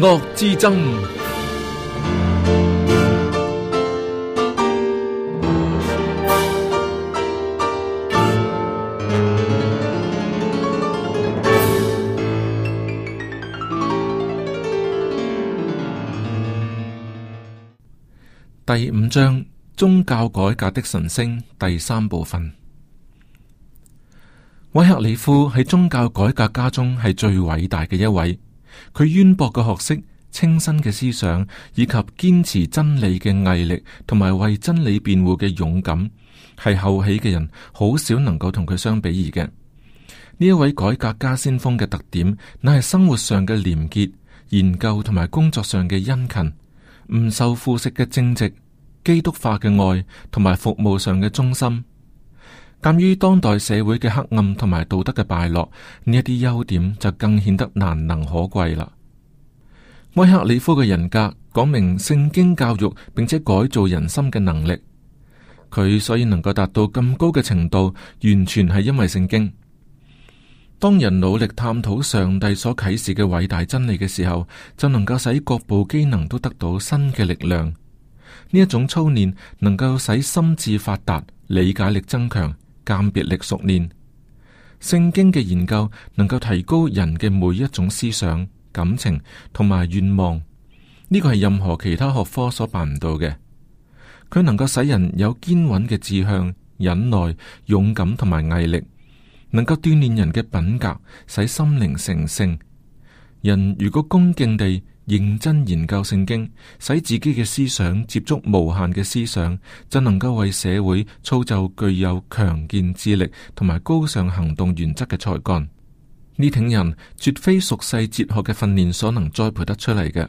惡之爭。第五章，宗教改革的晨星，第三部分。威克里夫喺宗教改革家中係最偉大嘅一位。佢淵博嘅學識、清新嘅思想，以及堅持真理嘅毅力，同埋為真理辯護嘅勇敢，係後起嘅人好少能夠同佢相比擬嘅。呢一位改革家先鋒嘅特點，乃係生活上嘅廉潔、研究同埋工作上嘅殷勤，唔受腐蝕嘅正直、基督化嘅愛同埋服務上嘅忠心。鑒於當代社會嘅黑暗同埋道德嘅敗落，呢一啲優點就更顯得難能可貴啦。威克里夫嘅人格講明聖經教育並且改造人心嘅能力。佢所以能夠達到咁高嘅程度，完全係因為聖經。當人努力探討上帝所啟示嘅偉大真理嘅時候，就能夠使各部機能都得到新嘅力量。呢一種操練能夠使心智發達，理解力增強。鑑別力熟練，聖經嘅研究能夠提高人嘅每一種思想、感情同埋願望。呢個係任何其他學科所辦唔到嘅。佢能夠使人有堅穩嘅志向、忍耐、勇敢同埋毅力，能夠鍛煉人嘅品格，使心靈成聖。人如果恭敬地認真研究聖經，使自己嘅思想接觸無限嘅思想，就能夠為社會造就具有強健智力同埋高尚行動原則嘅才幹。呢挺人絕非俗世哲學嘅訓練所能栽培得出嚟嘅。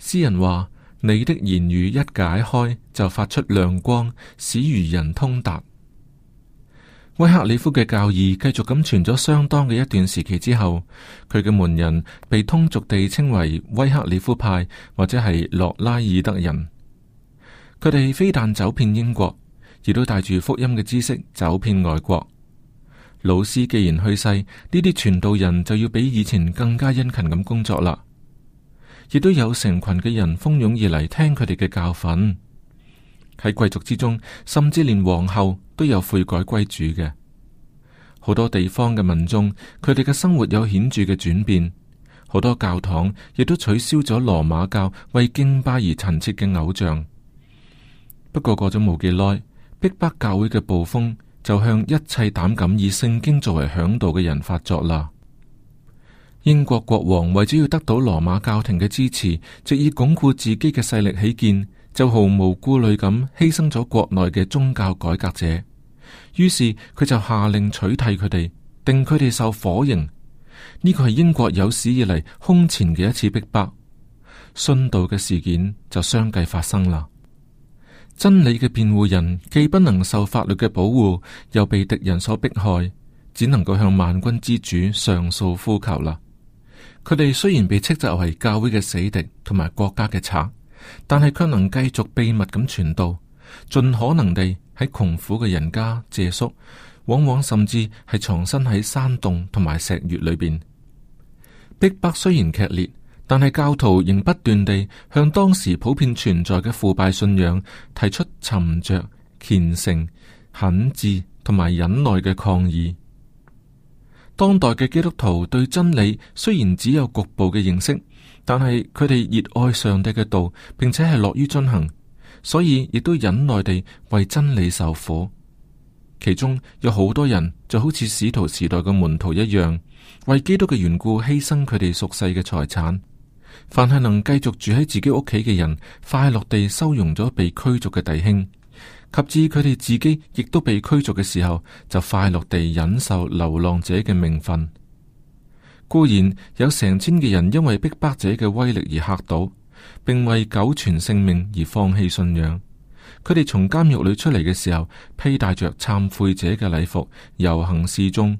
詩人話：「你的言語一解開，就發出亮光，使愚人通達。」威克里夫嘅教義繼續咁傳咗相當嘅一段時期之後，佢嘅門人被通俗地稱為威克里夫派或者係諾拉爾德人。佢哋非但走遍英國，亦都帶住福音嘅知識走遍外國。老師既然去世，呢啲傳道人就要比以前更加殷勤咁工作啦，亦都有成群嘅人蜂擁而嚟聽佢哋嘅教訓。喺貴族之中，甚至連皇后都有悔改歸主嘅。好多地方嘅民眾，佢哋嘅生活有顯著嘅轉變。好多教堂亦都取消咗羅馬教為敬拜而陳設嘅偶像。不過過咗冇幾耐，逼迫教會嘅暴風就向一切膽敢以聖經作為嚮導嘅人發作啦。英國國王為咗要得到羅馬教廷嘅支持，藉以鞏固自己嘅勢力起見。就毫無顧慮咁犧牲咗國內嘅宗教改革者，於是佢就下令取締佢哋，定佢哋受火刑。呢個係英國有史以嚟空前嘅一次逼迫。殉道嘅事件就相繼發生啦。真理嘅辯護人既不能受法律嘅保護，又被敵人所迫害，只能夠向萬軍之主上訴呼求啦。佢哋雖然被斥責為教會嘅死敵同埋國家嘅賊但係卻能繼續秘密咁傳道，盡可能地喺窮苦嘅人家借宿，往往甚至係藏身喺山洞同埋石穴裏邊。逼迫雖然劇烈，但係教徒仍不斷地向當時普遍存在嘅腐敗信仰提出沉着、虔誠、懇摯同埋忍耐嘅抗議。當代嘅基督徒對真理雖然只有局部嘅認識。但係佢哋熱愛上帝嘅道，並且係樂於遵行，所以亦都忍耐地為真理受苦。其中有好多人就好似使徒時代嘅門徒一樣，為基督嘅緣故犧牲佢哋屬世嘅財產。凡係能繼續住喺自己屋企嘅人，快樂地收容咗被驅逐嘅弟兄，及至佢哋自己亦都被驅逐嘅時候，就快樂地忍受流浪者嘅名分。固然有成千嘅人因為逼迫者嘅威力而嚇到，並為苟存性命而放棄信仰。佢哋從監獄裏出嚟嘅時候，披戴着懺悔者嘅禮服遊行示眾。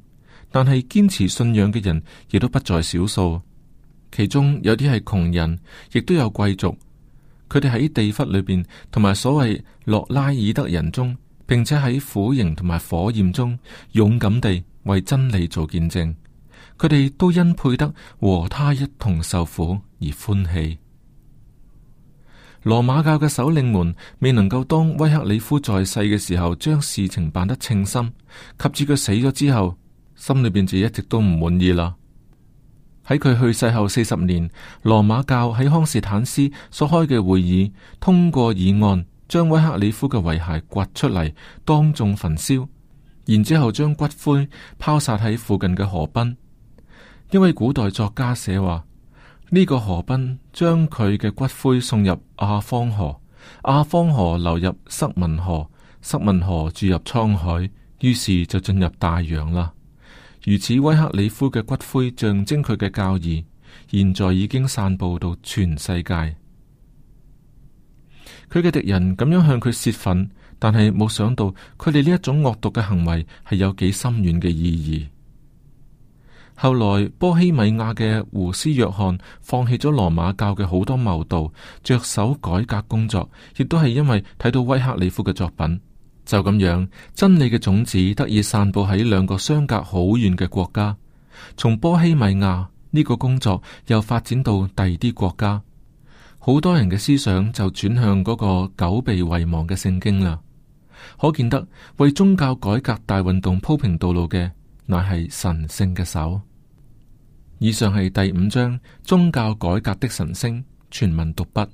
但係堅持信仰嘅人亦都不在少數。其中有啲係窮人，亦都有貴族。佢哋喺地窟裏邊，同埋所謂洛拉爾德人中，並且喺苦刑同埋火焰中，勇敢地為真理做見證。佢哋都因配得和他一同受苦而歡喜。羅馬教嘅首領們未能夠當威克里夫在世嘅時候將事情辦得稱心，及至佢死咗之後，心裏邊就一直都唔滿意啦。喺佢去世後四十年，羅馬教喺康斯坦斯所開嘅會議通過議案，將威克里夫嘅遺骸掘出嚟，當眾焚燒，然之後將骨灰拋撒喺附近嘅河濱。因為古代作家寫話，呢、這個河濱將佢嘅骨灰送入阿方河，阿方河流入塞文河，塞文河注入滄海，於是就進入大洋啦。如此威克里夫嘅骨灰象徵佢嘅教義，現在已經散布到全世界。佢嘅敵人咁樣向佢泄憤，但係冇想到佢哋呢一種惡毒嘅行為係有幾深遠嘅意義。後來波希米亞嘅胡斯約翰放棄咗羅馬教嘅好多謬道，着手改革工作，亦都係因為睇到威克里夫嘅作品。就咁樣，真理嘅種子得以散布喺兩個相隔好遠嘅國家。從波希米亞呢個工作又發展到第二啲國家，好多人嘅思想就轉向嗰個久被遺忘嘅聖經啦。可見得為宗教改革大運動鋪平道路嘅。乃係神聖嘅手。以上係第五章宗教改革的神聲，全文讀畢。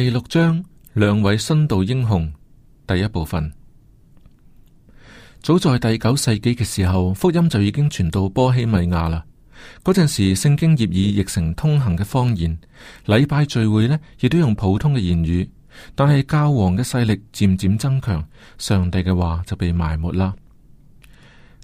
第六章，兩位新道英雄，第一部分。早在第九世紀嘅時候，福音就已經傳到波希米亞啦。嗰陣時，聖經業已譯成通行嘅方言，禮拜聚會呢亦都用普通嘅言語。但係教皇嘅勢力漸漸增強，上帝嘅話就被埋沒啦。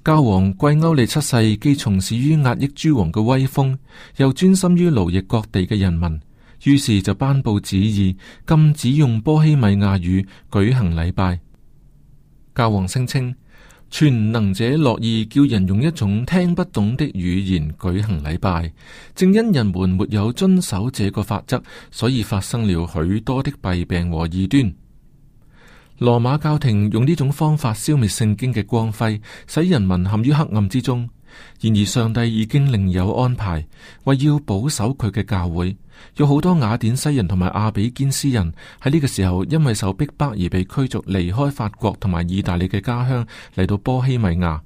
教皇貴歐利七世，既從事於壓抑諸王嘅威風，又專心於勞役各地嘅人民。於是就頒布旨意，禁止用波希米亞語舉行禮拜。教皇聲稱，全能者樂意叫人用一種聽不懂的語言舉行禮拜，正因人們沒有遵守這個法則，所以發生了許多的弊病和異端。羅馬教廷用呢種方法消滅聖經嘅光輝，使人民陷於黑暗之中。然而，上帝已經另有安排，為要保守佢嘅教會。有好多雅典西人同埋阿比堅斯人喺呢個時候，因為受逼迫而被驅逐離開法國同埋意大利嘅家鄉，嚟到波希米亞。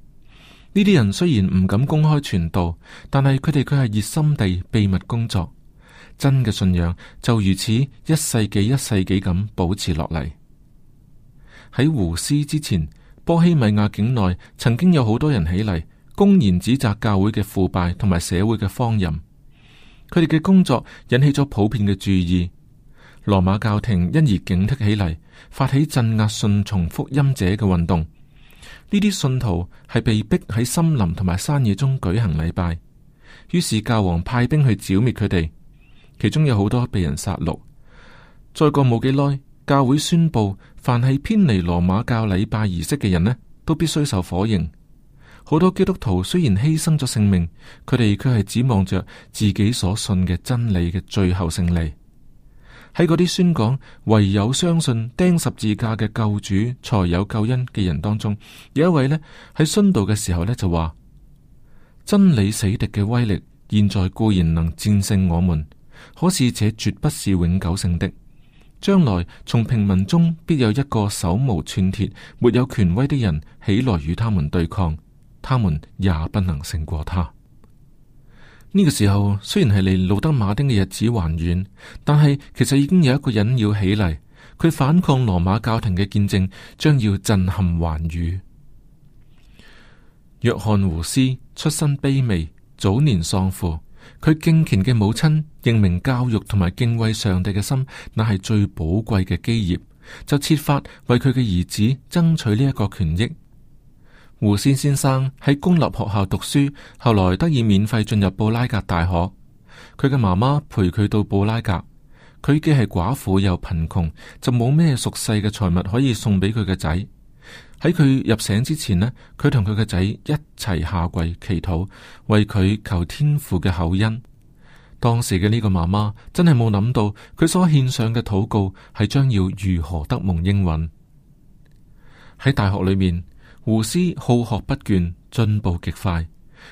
呢啲人雖然唔敢公開傳道，但係佢哋卻係熱心地秘密工作，真嘅信仰就如此一世紀一世紀咁保持落嚟。喺胡斯之前，波希米亞境內曾經有好多人起嚟，公然指責教會嘅腐敗同埋社會嘅荒淫。佢哋嘅工作引起咗普遍嘅注意，羅馬教廷因而警惕起嚟，發起鎮壓順從福音者嘅運動。呢啲信徒係被逼喺森林同埋山野中舉行禮拜，於是教皇派兵去剿滅佢哋，其中有好多被人殺戮。再過冇幾耐，教會宣佈凡係偏離羅馬教禮拜儀式嘅人呢，都必須受火刑。好多基督徒雖然犧牲咗性命，佢哋卻係指望着自己所信嘅真理嘅最後勝利。喺嗰啲宣講唯有相信釘十字架嘅救主才有救恩嘅人當中，有一位呢喺殉道嘅時候呢，就話：真理死敵嘅威力現在固然能戰勝我們，可是這絕不是永久性的。將來從平民中必有一個手無寸鐵、沒有權威的人起來與他們對抗。他們也不能勝過他。呢、這個時候雖然係離路德馬丁嘅日子還遠，但係其實已經有一個人要起嚟。佢反抗羅馬教廷嘅見證，將要震撼寰宇。約翰胡斯出身卑微，早年喪父。佢敬虔嘅母親認明教育同埋敬畏上帝嘅心，乃係最寶貴嘅基業，就設法為佢嘅兒子爭取呢一個權益。胡仙先生喺公立學校讀書，後來得以免費進入布拉格大學。佢嘅媽媽陪佢到布拉格，佢既係寡婦又貧窮，就冇咩熟悉嘅財物可以送俾佢嘅仔。喺佢入醒之前呢，佢同佢嘅仔一齊下跪祈禱，為佢求天父嘅口恩。當時嘅呢個媽媽真係冇諗到，佢所獻上嘅禱告係將要如何得蒙英允。喺大學裏面。胡斯好學不倦，進步極快。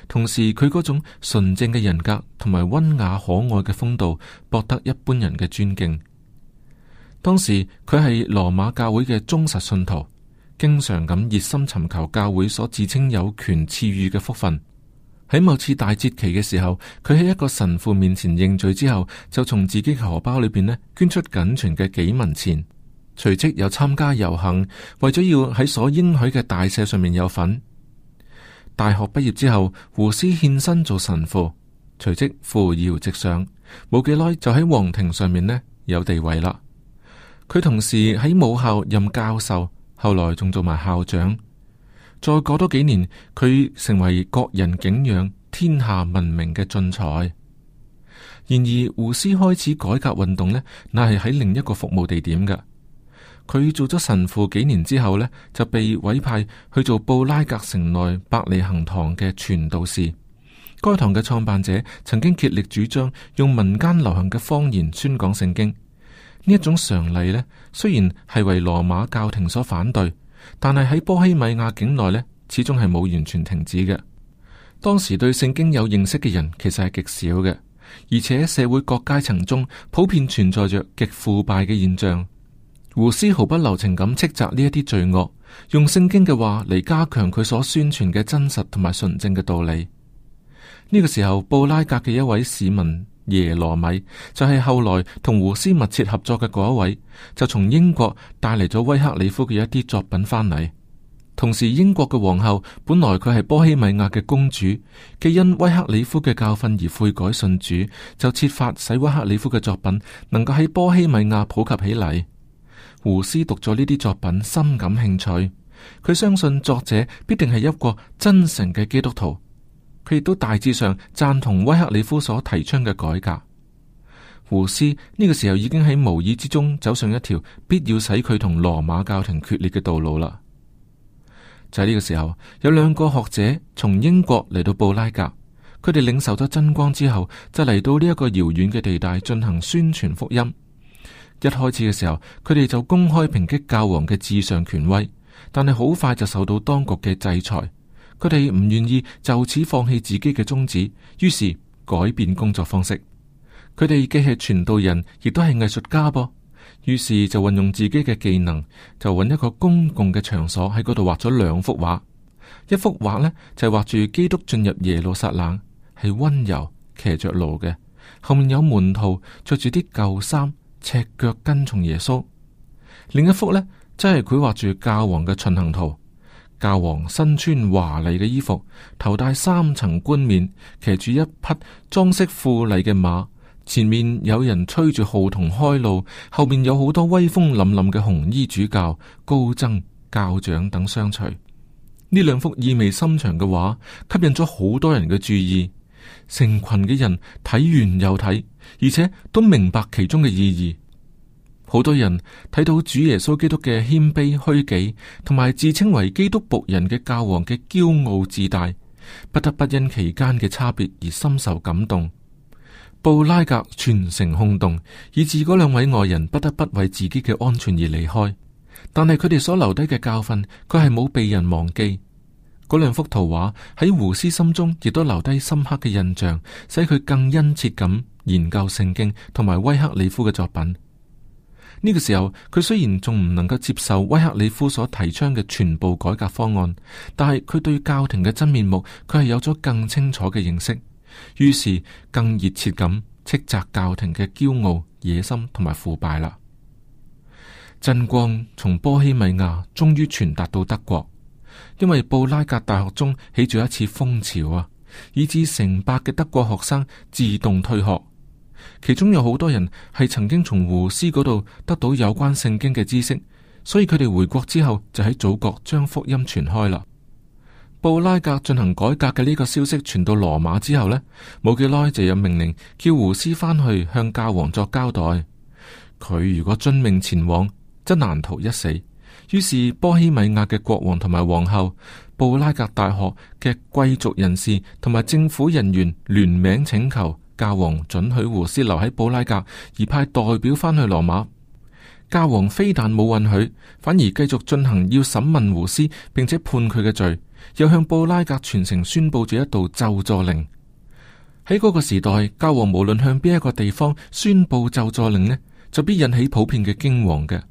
同時，佢嗰種純正嘅人格同埋溫雅可愛嘅風度，博得一般人嘅尊敬。當時佢係羅馬教會嘅忠實信徒，經常咁熱心尋求教會所自稱有權賜予嘅福分。喺某次大節期嘅時候，佢喺一個神父面前認罪之後，就從自己荷包裏邊呢捐出僅存嘅幾文錢。隨即又參加遊行，為咗要喺所應許嘅大社上面有份。大學畢業之後，胡斯獻身做神父，隨即扶搖直上，冇幾耐就喺皇庭上面呢有地位啦。佢同時喺母校任教授，後來仲做埋校長。再過多幾年，佢成為國人景仰、天下聞名嘅俊才。然而，胡斯開始改革運動呢，乃係喺另一個服務地點嘅。佢做咗神父幾年之後呢，就被委派去做布拉格城內伯利恒堂嘅傳道士。該堂嘅創辦者曾經竭力主張用民間流行嘅方言宣講聖經。呢一種常例呢，雖然係為羅馬教廷所反對，但係喺波希米亞境內呢，始終係冇完全停止嘅。當時對聖經有認識嘅人其實係極少嘅，而且社會各階層中普遍存在着極腐敗嘅現象。胡斯毫不留情咁斥責呢一啲罪惡，用聖經嘅話嚟加強佢所宣傳嘅真實同埋純正嘅道理。呢、這個時候，布拉格嘅一位市民耶羅米就係、是、後來同胡斯密切合作嘅嗰一位，就從英國帶嚟咗威克里夫嘅一啲作品翻嚟。同時，英國嘅皇后本來佢係波希米亞嘅公主，既因威克里夫嘅教訓而悔改信主，就設法使威克里夫嘅作品能夠喺波希米亞普及起嚟。胡斯讀咗呢啲作品，深感興趣。佢相信作者必定係一個真誠嘅基督徒。佢亦都大致上贊同威克里夫所提倡嘅改革。胡斯呢個時候已經喺無意之中走上一條必要使佢同羅馬教廷決裂嘅道路啦。就喺、是、呢個時候，有兩個學者從英國嚟到布拉格，佢哋領受咗真光之後，就嚟到呢一個遙遠嘅地帶進行宣傳福音。一開始嘅時候，佢哋就公開抨擊教皇嘅至上權威，但係好快就受到當局嘅制裁。佢哋唔願意就此放棄自己嘅宗旨，於是改變工作方式。佢哋既係傳道人，亦都係藝術家噃，於是就運用自己嘅技能，就揾一個公共嘅場所喺嗰度畫咗兩幅畫。一幅畫呢，就畫住基督進入耶路撒冷，係溫柔騎着驢嘅，後面有門徒着住啲舊衫。赤腳跟從耶穌。另一幅呢，真係繪畫住教皇嘅巡行圖。教皇身穿華麗嘅衣服，頭戴三層冠冕，騎住一匹裝飾富麗嘅馬。前面有人吹住號筒開路，後面有好多威風凜凜嘅紅衣主教、高僧、教長等相隨。呢兩幅意味深長嘅畫，吸引咗好多人嘅注意。成群嘅人睇完又睇。而且都明白其中嘅意義。好多人睇到主耶穌基督嘅謙卑虛己，同埋自稱為基督僕人嘅教皇嘅驕傲自大，不得不因其間嘅差別而深受感動。布拉格全城轟動，以至嗰兩位外人不得不為自己嘅安全而離開。但係佢哋所留低嘅教訓，佢係冇被人忘記。嗰兩幅圖畫喺胡斯心中亦都留低深刻嘅印象，使佢更殷切咁。研究聖經同埋威克里夫嘅作品。呢個時候佢雖然仲唔能夠接受威克里夫所提倡嘅全部改革方案，但係佢對教廷嘅真面目，佢係有咗更清楚嘅認識，於是更熱切咁斥責教廷嘅驕傲、野心同埋腐敗啦。真光從波希米亞終於傳達到德國，因為布拉格大學中起住一次風潮啊，以致成百嘅德國學生自動退學，其中有好多人係曾經從胡斯嗰度得到有關聖經嘅知識，所以佢哋回國之後就喺祖國將福音傳開啦。布拉格進行改革嘅呢個消息傳到羅馬之後呢，冇幾耐就有命令叫胡斯翻去向教皇作交代。佢如果遵命前往，則難逃一死。於是波希米亞嘅國王同埋皇后，布拉格大學嘅貴族人士同埋政府人員聯名請求。教皇准許胡斯留喺布拉格，而派代表翻去羅馬。教皇非但冇允許，反而繼續進行要審問胡斯，並且判佢嘅罪，又向布拉格全城宣布咗一道咒詛令。喺嗰個時代，教皇無論向邊一個地方宣布咒詛令呢，就必引起普遍嘅驚惶嘅，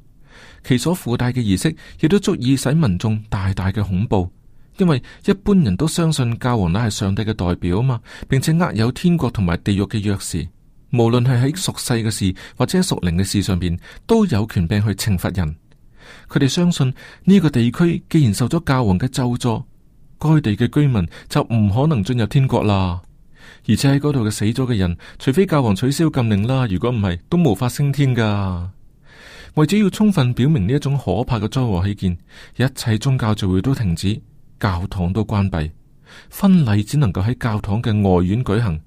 其所附帶嘅儀式亦都足以使民眾大大嘅恐怖。因為一般人都相信教皇乃係上帝嘅代表啊嘛，並且握有天國同埋地獄嘅鑰匙，無論係喺屬世嘅事或者屬靈嘅事上邊，都有權柄去懲罰人。佢哋相信呢、這個地區既然受咗教皇嘅咒詛，該地嘅居民就唔可能進入天國啦。而且喺嗰度嘅死咗嘅人，除非教皇取消禁令啦，如果唔係，都無法升天噶。為咗要充分表明呢一種可怕嘅災禍起見，一切宗教聚會都停止。教堂都關閉，婚禮只能夠喺教堂嘅外院舉行。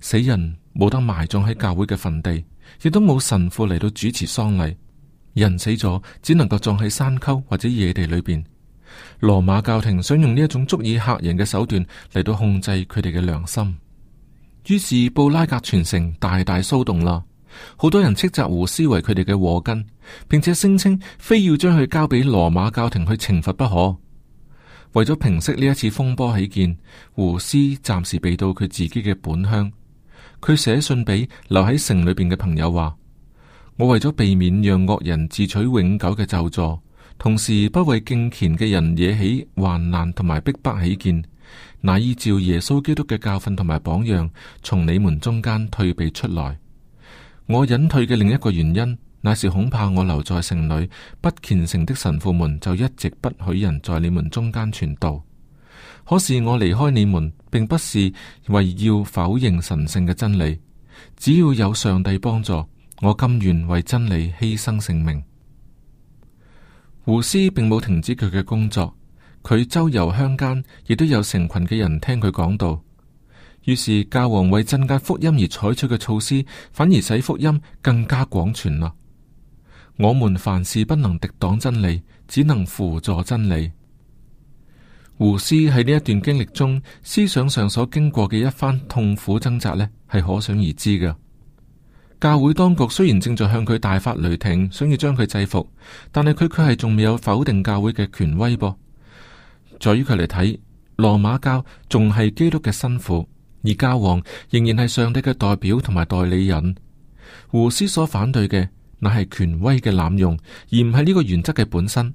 死人冇得埋葬喺教會嘅墳地，亦都冇神父嚟,到主持喪禮。人死咗，只能夠葬喺山溝或者野地裏邊。羅馬教廷想用呢一種足以嚇人嘅手段嚟到控制佢哋嘅良心，於是布拉格全城大大騷動啦。好多人斥責胡斯為佢哋嘅禍根，並且聲稱非要將佢交俾羅馬教廷去懲罰不可。為咗平息呢一次風波起見，胡斯暫時避到佢自己嘅本鄉。佢寫信俾留喺城裏邊嘅朋友話：我為咗避免讓惡人自取永久嘅咒詛，同時不為敬虔嘅人惹起患難同埋逼迫起見，乃依照耶穌基督嘅教訓同埋榜樣，從你們中間退避出來。我隱退嘅另一個原因。那是恐怕我留在城裏不虔誠的神父們就一直不許人在你們中間傳道。可是我離開你們，並不是為要否認神聖嘅真理。只要有上帝幫助，我甘願為真理犧牲性命。胡斯並冇停止佢嘅工作，佢周遊鄉間，亦都有成群嘅人聽佢講道。於是教皇為鎮壓福音而採取嘅措施，反而使福音更加廣傳啦。我們凡事不能敵擋真理，只能輔助真理。胡斯喺呢一段經歷中，思想上所經過嘅一番痛苦掙扎呢係可想而知嘅。教會當局雖然正在向佢大發雷霆，想要將佢制服，但係佢佢係仲未有否定教會嘅權威噃。在於佢嚟睇羅馬教仲係基督嘅新婦，而教皇仍然係上帝嘅代表同埋代理人。胡斯所反對嘅。乃係權威嘅濫用，而唔係呢個原則嘅本身。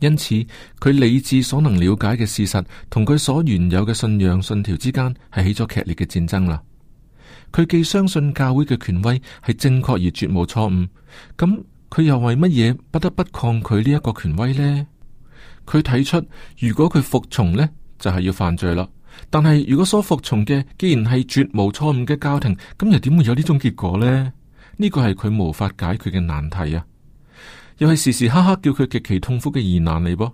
因此，佢理智所能了解嘅事實同佢所原有嘅信仰信條之間係起咗劇烈嘅戰爭啦。佢既相信教會嘅權威係正確而絕無錯誤，咁佢又為乜嘢不得不抗拒呢一個權威呢？佢睇出如果佢服從呢，就係、是、要犯罪啦。但係如果所服從嘅既然係絕無錯誤嘅教廷，咁又點會有呢種結果呢？呢個係佢無法解決嘅難題啊，又係時時刻刻叫佢極其痛苦嘅疑難嚟、啊。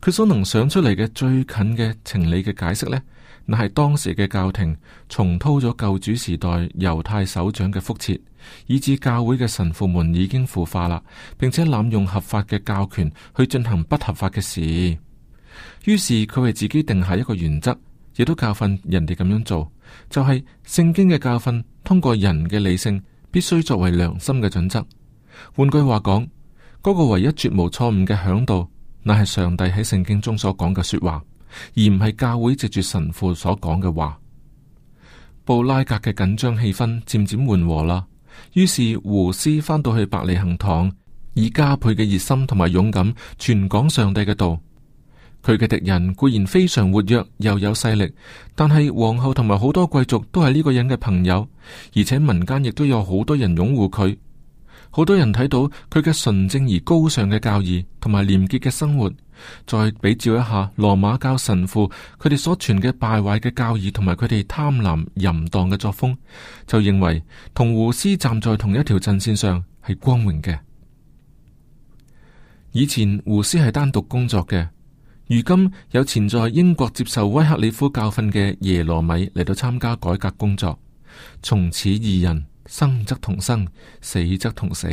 噃。佢所能想出嚟嘅最近嘅情理嘅解釋呢，乃係當時嘅教廷重蹈咗舊主時代猶太首長嘅覆轍，以致教會嘅神父們已經腐化啦，並且濫用合法嘅教權去進行不合法嘅事。於是佢為自己定下一個原則，亦都教訓人哋咁樣做，就係、是、聖經嘅教訓，通過人嘅理性。必須作為良心嘅準則。換句話講，嗰，那個唯一絕無錯誤嘅嚮導，乃係上帝喺聖經中所講嘅說話，而唔係教會藉住神父所講嘅話。布拉格嘅緊張氣氛漸漸緩和啦，於是胡斯返到去伯利恆堂，以加倍嘅熱心同埋勇敢，傳講上帝嘅道。佢嘅敵人固然非常活躍又有勢力，但係皇后同埋好多貴族都係呢個人嘅朋友，而且民間亦都有好多人擁護佢。好多人睇到佢嘅純正而高尚嘅教義同埋廉潔嘅生活，再比照一下羅馬教神父佢哋所傳嘅敗壞嘅教義同埋佢哋貪婪淫蕩嘅作風，就認為同胡司站在同一條陣綫上係光榮嘅。以前胡司係單獨工作嘅。如今有前在英國接受威克里夫教訓嘅耶羅米嚟到參加改革工作，從此二人生則同生，死則同死。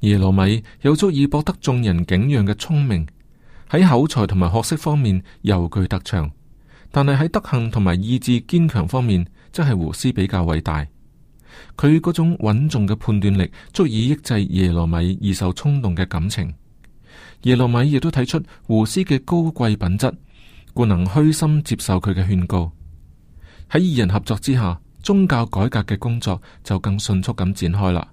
耶羅米有足以博得眾人景仰嘅聰明，喺口才同埋學識方面尤具特長，但係喺德行同埋意志堅強方面，則係胡斯比較偉大。佢嗰種穩重嘅判斷力，足以抑制耶羅米易受衝動嘅感情。耶洛耶羅米亦都睇出胡斯嘅高貴品質，故能虛心接受佢嘅勸告。喺二人合作之下，宗教改革嘅工作就更迅速咁展開啦。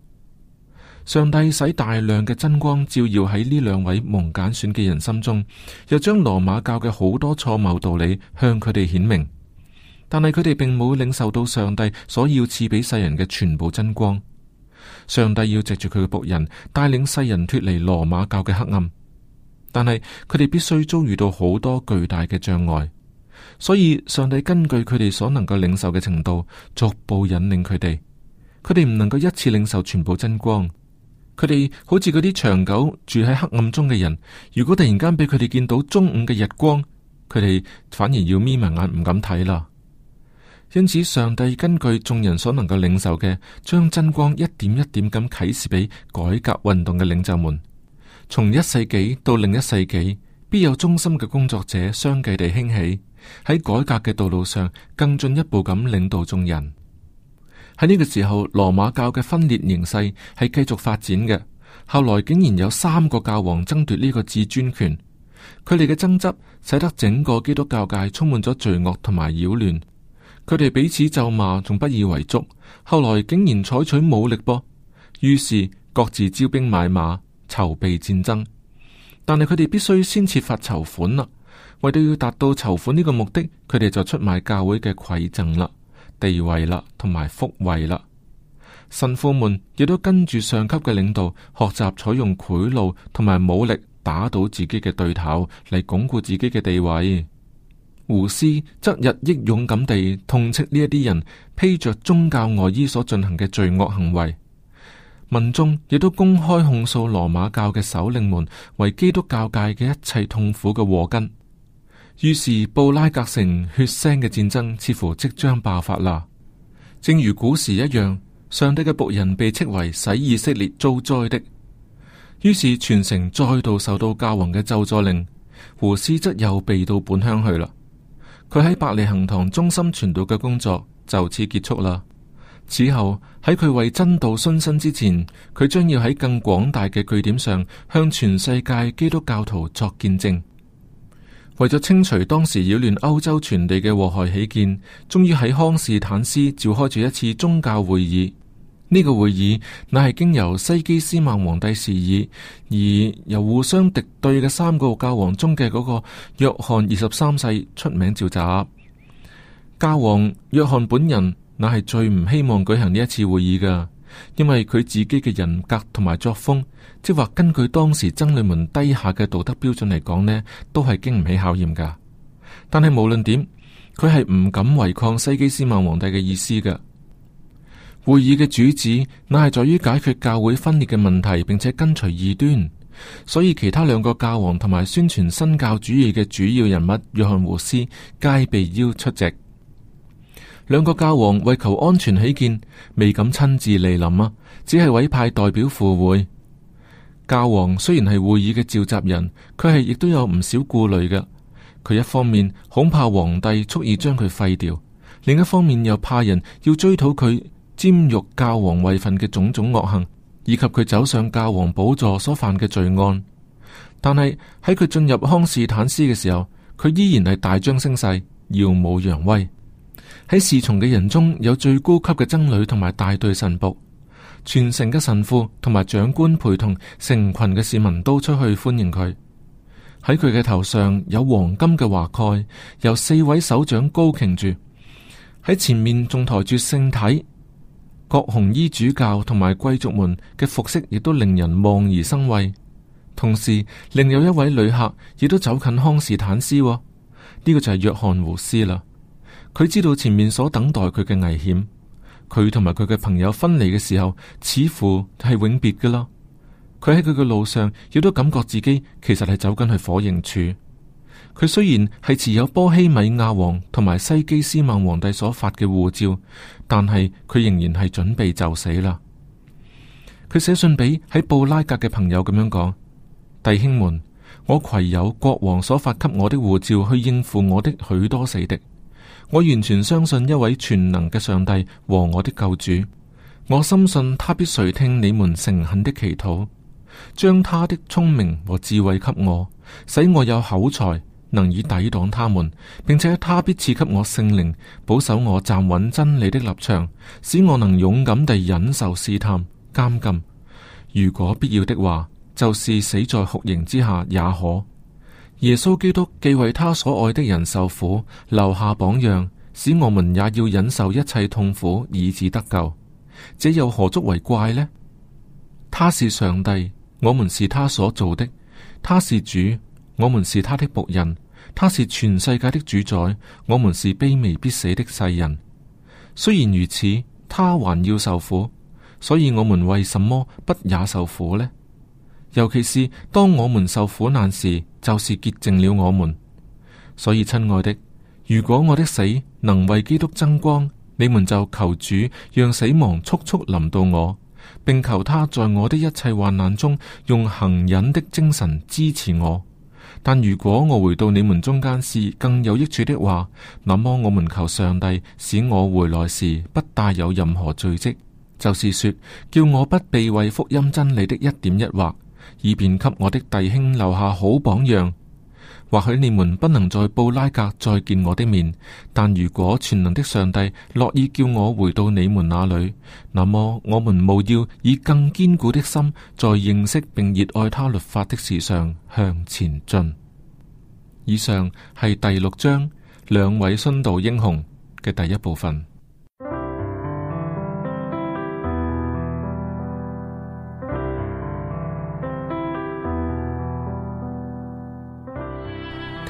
上帝使大量嘅真光照耀喺呢兩位蒙揀選嘅人心中，又將羅馬教嘅好多錯謬道理向佢哋顯明。但係佢哋並冇領受到上帝所要賜俾世人嘅全部真光。上帝要藉住佢嘅僕人帶領世人脫離羅馬教嘅黑暗。但係佢哋必須遭遇到好多巨大嘅障礙，所以上帝根據佢哋所能夠領受嘅程度，逐步引領佢哋。佢哋唔能夠一次領受全部真光，佢哋好似嗰啲長久住喺黑暗中嘅人，如果突然間俾佢哋見到中午嘅日光，佢哋反而要眯埋眼唔敢睇啦。因此，上帝根據眾人所能夠領受嘅，將真光一點一點咁啟示俾改革運動嘅領袖們。從一世紀到另一世紀，必有忠心嘅工作者相繼地興起喺改革嘅道路上，更進一步咁領導眾人。喺呢個時候，羅馬教嘅分裂形勢係繼續發展嘅。後來竟然有三個教皇爭奪呢個至尊權，佢哋嘅爭執使得整個基督教界充滿咗罪惡同埋擾亂，佢哋彼此咒罵，仲不以為足，後來竟然採取武力，噃，於是各自招兵買馬。籌備戰爭，但係佢哋必須先設法籌款啦。為到要達到籌款呢個目的，佢哋就出賣教會嘅饋贈啦、地位啦同埋福惠啦。神父們亦都跟住上級嘅領導學習，採用賄賂同埋武力打倒自己嘅對頭，嚟鞏固自己嘅地位。胡斯則日益勇敢地痛斥呢一啲人披着宗教外衣所進行嘅罪惡行為。民眾亦都公開控訴羅馬教嘅首領們為基督教界嘅一切痛苦嘅禍根，於是布拉格城血腥嘅戰爭似乎即將爆發啦。正如古時一樣，上帝嘅僕人被稱為使以色列遭災的，於是全城再度受到教皇嘅咒詛令。胡斯則又避到本鄉去啦。佢喺伯利行堂中心傳道嘅工作就此結束啦。此後喺佢為真道殉身之前，佢將要喺更廣大嘅據點上向全世界基督教徒作見證。為咗清除當時擾亂歐洲全地嘅禍害起見，終於喺康士坦斯召開住一次宗教會議。呢、這個會議乃係經由西基斯曼皇帝示意，而由互相敵對嘅三個教皇中嘅嗰個約翰二十三世出名召集。教皇約翰本人，那係最唔希望舉行呢一次會議噶，因為佢自己嘅人格同埋作風，即係話根據當時僧侶們低下嘅道德標準嚟講呢，都係經唔起考驗噶。但係無論點，佢係唔敢違抗西基斯曼皇帝嘅意思噶。會議嘅主旨，那係在於解決教會分裂嘅問題，並且跟隨異端。所以其他兩個教皇同埋宣傳新教主義嘅主要人物約翰胡斯，皆被邀出席。兩個教王為求安全起見，未敢親自蒞臨啊，只係委派代表赴會。教王雖然係會議嘅召集人，佢係亦都有唔少顧慮嘅。佢一方面恐怕皇帝蓄意將佢廢掉，另一方面又怕人要追討佢僭越教王位份嘅種種惡行，以及佢走上教王寶座所犯嘅罪案。但係喺佢進入康士坦斯嘅時候，佢依然係大張聲勢，耀武揚威。喺侍從嘅人中有最高級嘅僧侶同埋大隊神僕，全城嘅神父同埋長官陪同，成群嘅市民都出去歡迎佢。喺佢嘅頭上有黃金嘅華蓋，由四位首長高擎住。喺前面仲抬住聖體，各紅衣主教同埋貴族們嘅服飾亦都令人望而生畏。同時，另有一位旅客亦都走近康士坦斯，哦、呢、這個就係約翰胡斯啦。佢知道前面所等待佢嘅危險，佢同埋佢嘅朋友分離嘅時候，似乎係永別嘅咯。佢喺佢嘅路上，亦都感覺自己其實係走緊去火刑處。佢雖然係持有波希米亞王同埋西基斯曼皇帝所發嘅護照，但係佢仍然係準備就死啦。佢寫信俾喺布拉格嘅朋友咁樣講：弟兄們，我攜有國王所發給我的護照去應付我的許多死敵。我完全相信一位全能嘅上帝和我的救主，我深信他必垂聽你們誠懇的祈禱，將他的聰明和智慧給我，使我有口才，能以抵擋他們，並且他必賜給我聖靈，保守我站穩真理的立場，使我能勇敢地忍受試探、監禁，如果必要的話，就是死在酷刑之下也可。耶穌基督既為他所愛的人受苦，留下榜樣，使我們也要忍受一切痛苦，以至得救。這又何足為怪呢？他是上帝，我們是他所做的；他是主，我們是他的僕人；他是全世界的主宰，我們是卑微必死的世人。雖然如此，他還要受苦，所以我們為什麼不也受苦呢？尤其是當我們受苦難時，就是潔淨了我們。所以，親愛的，如果我的死能為基督增光，你們就求主讓死亡速速臨到我，並求他在我的一切患難中用行忍的精神支持我。但如果我回到你們中間是更有益處的話，那麼我們求上帝使我回來時不帶有任何罪迹，就是說，叫我不被為福音真理的一點一畫。以便給我的弟兄留下好榜樣。或許你們不能在布拉格再見我的面，但如果全能的上帝樂意叫我回到你們那裏，那麼我們務要以更堅固的心，在認識並熱愛他律法的事上向前進。以上係第六章兩位殉道英雄嘅第一部分。